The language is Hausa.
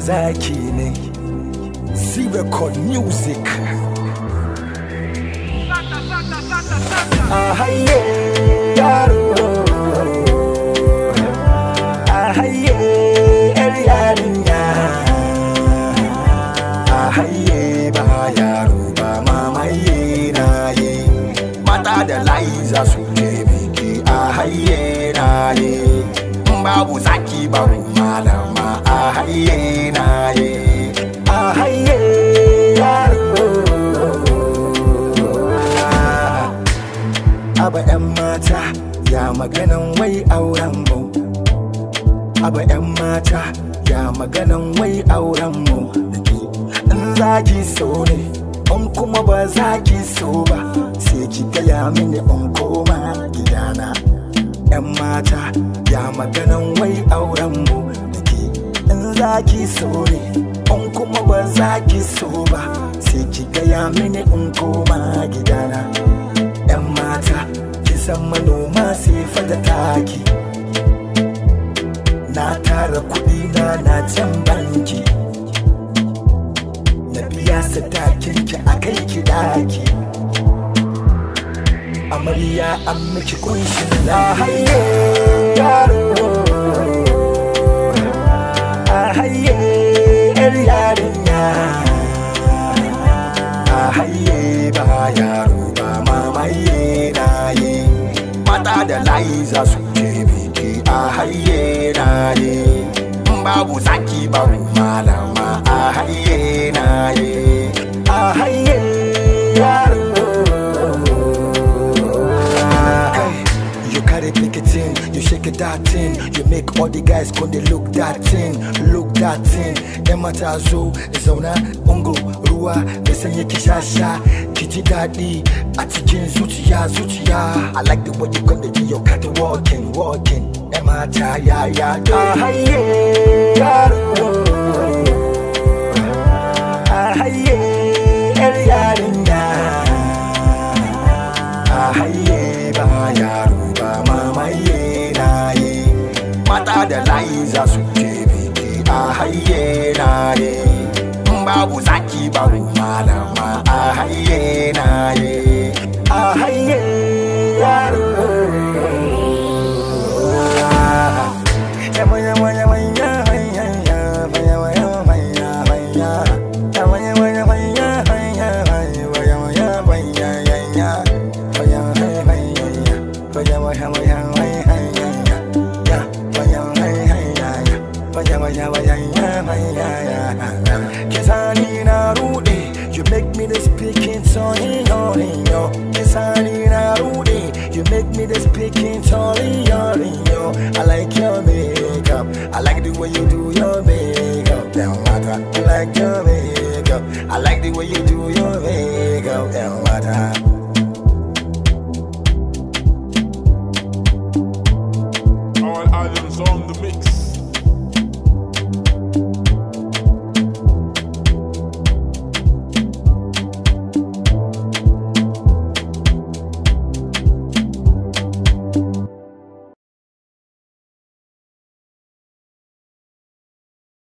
zaki ne Zirakon Music A yaro A haye yar yarinya ba yaro ba 'ye na 'ye. Mata da layi za su ke biki a haye na 'ye. Mbabu zaki babu malam hayye na ye a ah, hayye yaro ah, aba yan mata ya maganan wai auren mu aba yan mata ya maganan wai auren mu in zaki so ne in kuma ba zaki so ba sai ki gaya mini in koma gidana yan mata ya maganan wai auren mu in zaki so in kuma ba zaki so ba sai ki gaya mini in koma gidana yan mata ki san manoma sai fada taki na tara kuɗi na na can banki na biya su takin ki a ki daki amarya an miki kunshin lahaye yaro faɗa da layi za a zaki malama carry pick it in, you shake it that thing. You make all the guys come they look that thing, look that thing. Emma is Zona, Ungo, ruwa mai sanya ki shasha ki ji daɗi a cikin zuciya zuciya I like the way you come to your cat walking walking na mata ya ya da haye yaro ba yaro ba na ye. mata da layi su ke biki a ah, haye na yi babu zaki babu malama in yo. Yes, I need a rude. You make me the speaking totally in yo. I like your makeup. I like the way you do your makeup. Down matter. I like your makeup. I like the way you do your makeup. Down matter.